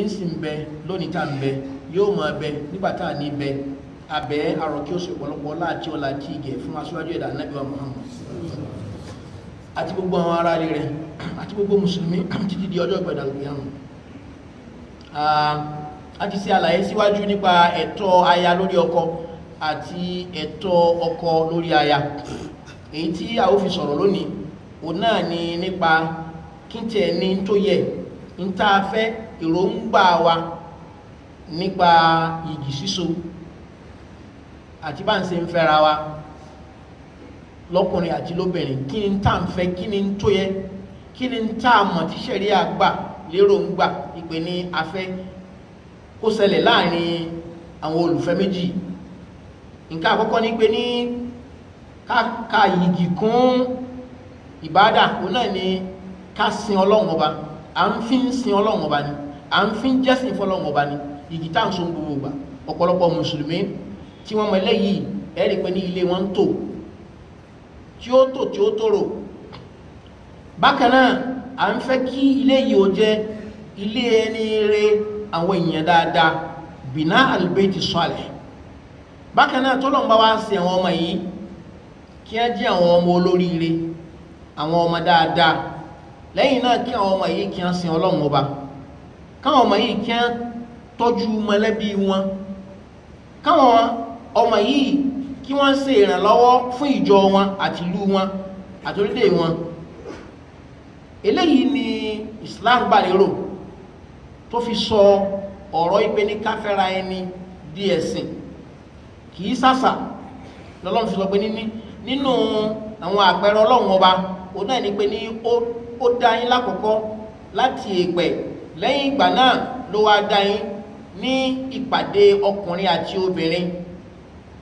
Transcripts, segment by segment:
ìsìn bẹ lónìí tá ń bẹ yóò máa bẹ nígbà tá a ní bẹ abẹ arọ kí ó sì ọ̀pọ̀lọpọ̀ láti ọlá tí ìgẹ fún aṣáájú ẹ̀dá Ànábì wa Muhammad àti gbogbo àwọn ará rẹ̀ àti gbogbo mùsùlùmí títí di ọjọ́ ìpẹ̀dà lùyàmù a ti ṣe àlàyé síwájú nípa ẹ̀tọ́ aya lórí ọkọ àti ẹ̀tọ́ ọkọ lórí aya èyí tí a ó fi sọ̀rọ̀ lónìí òun náà ni nípa kíntẹ̀ ní tó yẹ ń afẹ a wa nípa ìjì síso àti bá ń se ń fẹ́ra wa lọ́kùnrin àti lóbìnrin kí ni tá à ń fẹ́ kí ni tó yẹ kí ni mọ̀ tí sẹ̀rí àgbà lérò ń gbà ìpè ní afẹ́ kó ṣẹlẹ̀ láàrin àwọn olùfẹ́ méjì nǹkan àkọ́kọ́ ni pé ní ká yìgì kún ìbádà òun náà ni ká sin ọlọ́run ọba. à ń fi ń sin ọlọ́run ọba ni à ń fi ń jẹ́sìn fọlọ́run ọba ni ìgì tá à ń so gbogbo gbà ọ̀pọ̀lọpọ̀ mùsùlùmí tí wọ́n mọ eléyìí ẹ rí i pé ní ilé wọn ń tò tí ó tò tí ó tòrò bákan náà à ń fẹ́ kí ilé yìí ó jẹ́ ilé ẹni rere àwọn èèyàn dáadáa bìnà àlùbẹ́ẹ̀tì sọ́ọ̀lẹ̀ bákan náà tó lọ́n bá wá sí àwọn ọmọ yìí kí wọ́n jẹ́ àwọn ọmọ olóríire àwọn ọmọ dáadáa lẹ́yìn náà kí àwọn ọmọ yìí kí wọ́n sin ọlọ́run ọba káwọn ọmọ yìí kí wọ́n tọ́jú mọ̀lẹ́bí wọn káwọn ọmọ yìí kí wọ́n ṣe ìrànlọ́wọ́ fún ìjọ wọn àti ìlú wọn àti orílẹ̀ wọn eléyìí ni Islam gbà lérò tó fi sọ ọ̀rọ̀ ìpè ní káfẹ́ra ẹni di ẹ̀sìn kì í sàṣà lọ́lọ́run fi sọ pé nínú àwọn àpẹẹrẹ ọlọ́run ọba òun náà ní pé ní ó ó dá yín lákọ̀ọ́kọ́ láti èèpẹ̀ lẹ́yìn ìgbà náà ló wá dá yín ní ìpàdé ọkùnrin àti obìnrin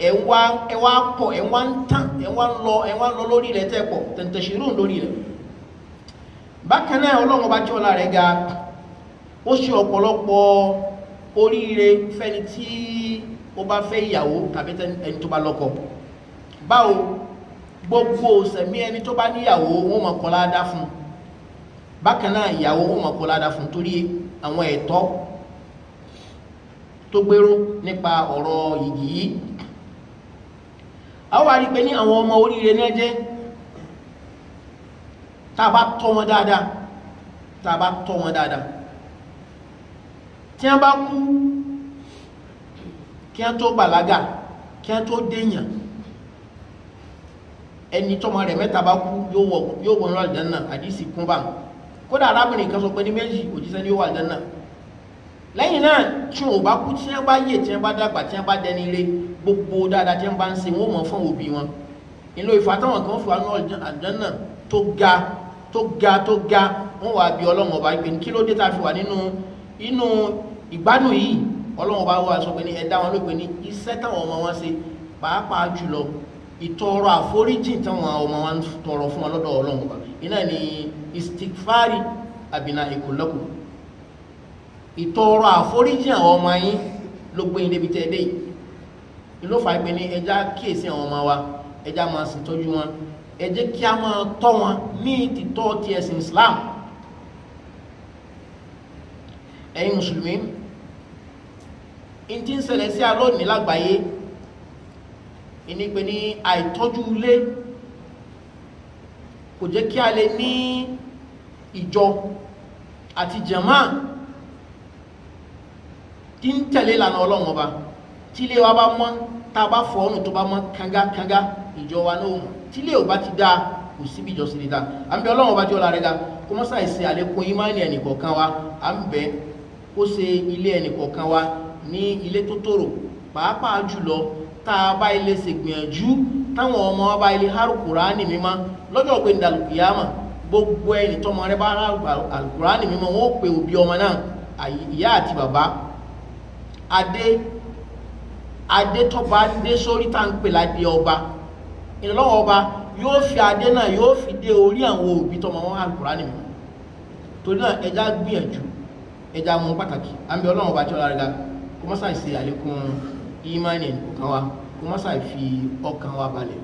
ẹ̀ ń wá ẹ̀ wá pọ̀ ẹ̀ wá ń tàn ẹ̀ wá ń lọ ẹ̀ wá ń lọ lórí ilẹ̀ tẹ́ pọ̀ tẹ̀ǹtẹ̀ṣirún lórí ilẹ̀ bákan náà ọlọ́run ọba tí ọlá rẹ̀ ga ó ṣe ọ̀pọ̀lọpọ̀ oríire fẹ́ni tí ó bá fẹ́ ìyàwó tàbí ẹni tó bá lọ́kọ báwo gbogbo sẹ̀mí ẹni tó bá níyàwó wọn mọ̀ kọ́lá fún un bákan náà ìyàwó ó mọ̀ kó ládà fún torí àwọn ẹ̀tọ́ tó gbérú nípa ọ̀rọ̀ yìgì yìí a wà rí pé ní àwọn ọmọ oríire náà jẹ́ tá a bá tọ́ wọn dáadáa tá tọ́ wọn dáadáa tí wọ́n bá kú kí wọ́n tó bàlágà kí wọ́n tó déèyàn ẹni tọ́mọ rẹ̀ mẹ́ta bá kú yóò wọ yóò wọ ní kúnbà kódà arábìnrin kan sọ pé ní méjì òjíṣẹ́ ní ó wà lẹ́nà lẹ́yìn náà tí wọn bá kú tí wọn bá yè tí wọn bá dàgbà tí wọn bá dẹni ilé gbogbo dáadáa tí wọn bá ń ṣe wọn mọ̀ fún òbí wọn ìlú ìfàtàwọn kan fún àwọn àdánà tó ga tó ga tó ga wọn wà bí ọlọ́run ọba ìpè kí ló dé ta fi wà nínú inú ìgbádùn yìí ọlọ́run ọba wà sọ pé ní ẹ̀dá wọn ló pè ní iṣẹ́ táwọn ọmọ wọn ṣe pàápàá jùlọ ìtọrọ àforíjì táwọn ọmọ wa ń tọrọ fún wọn lọ́dọ̀ ọlọ́run ọba iná ni istikfari àbínà ìkòlọ́kù ìtọrọ àforíjì àwọn ọmọ yín ló gbé yín débi tẹ́ dé yìí ló fà gbé ní ẹja kíyèsí àwọn ọmọ wa ẹja máa sì tọ́jú wọn ẹ kí a máa tọ́ wọn ní títọ́ ti ẹ̀sìn Islam ẹ̀yin mùsùlùmí n ti ń ṣẹlẹ̀ sí alóòní lágbàáyé ìní pé ní àìtọ́jú ilé kò jẹ́ kí a lè ní ìjọ àti jàmá tí ń tẹ̀lé ìlànà ọlọ́run ọba tí ilé wa bá mọ́ tá a bá fọ ọ́nù tó bá mọ́ kangakanga ìjọ wa náà mọ̀ tí ilé ò ti dáa kò síbi ìjọsìn níta à ń bẹ ọlọ́run ọba tí ó la rẹ̀ ga kó mọ́ sáì ṣe àlékún ìmáìlì ẹnìkọ̀ọ̀kan wa à ń bẹ kó ṣe ilé ẹnìkọ̀ọ̀kan wa ní ilé tó tòrò pàápàá jùlọ tá a bá ilé ṣègbìyànjú táwọn ọmọ wa bá ilé harukurani mímọ́ lọ́jọ́ pé ní alukiyama gbogbo ẹni tọmọ rẹ bá alukurani mímọ́ wọn ó pe òbí ọmọ náà ìyá àti bàbá adé adé tọba dé sórí tá ń pè ládé ọba ìrànlọ́wọ́ ọba yóò fi adé náà yóò fi dé orí àwọn òbí tọmọ wọn alukurani mímọ́ torí náà ẹja gbìyànjú ẹja mú pàtàkì àmì ọlọ́run ọba tí ọlá rẹ̀ ga kó mọ́sáì ṣe àlékún ìmánì ẹnìkọ̀ọ̀kan wa kó má ṣàì ọkàn wa balẹ̀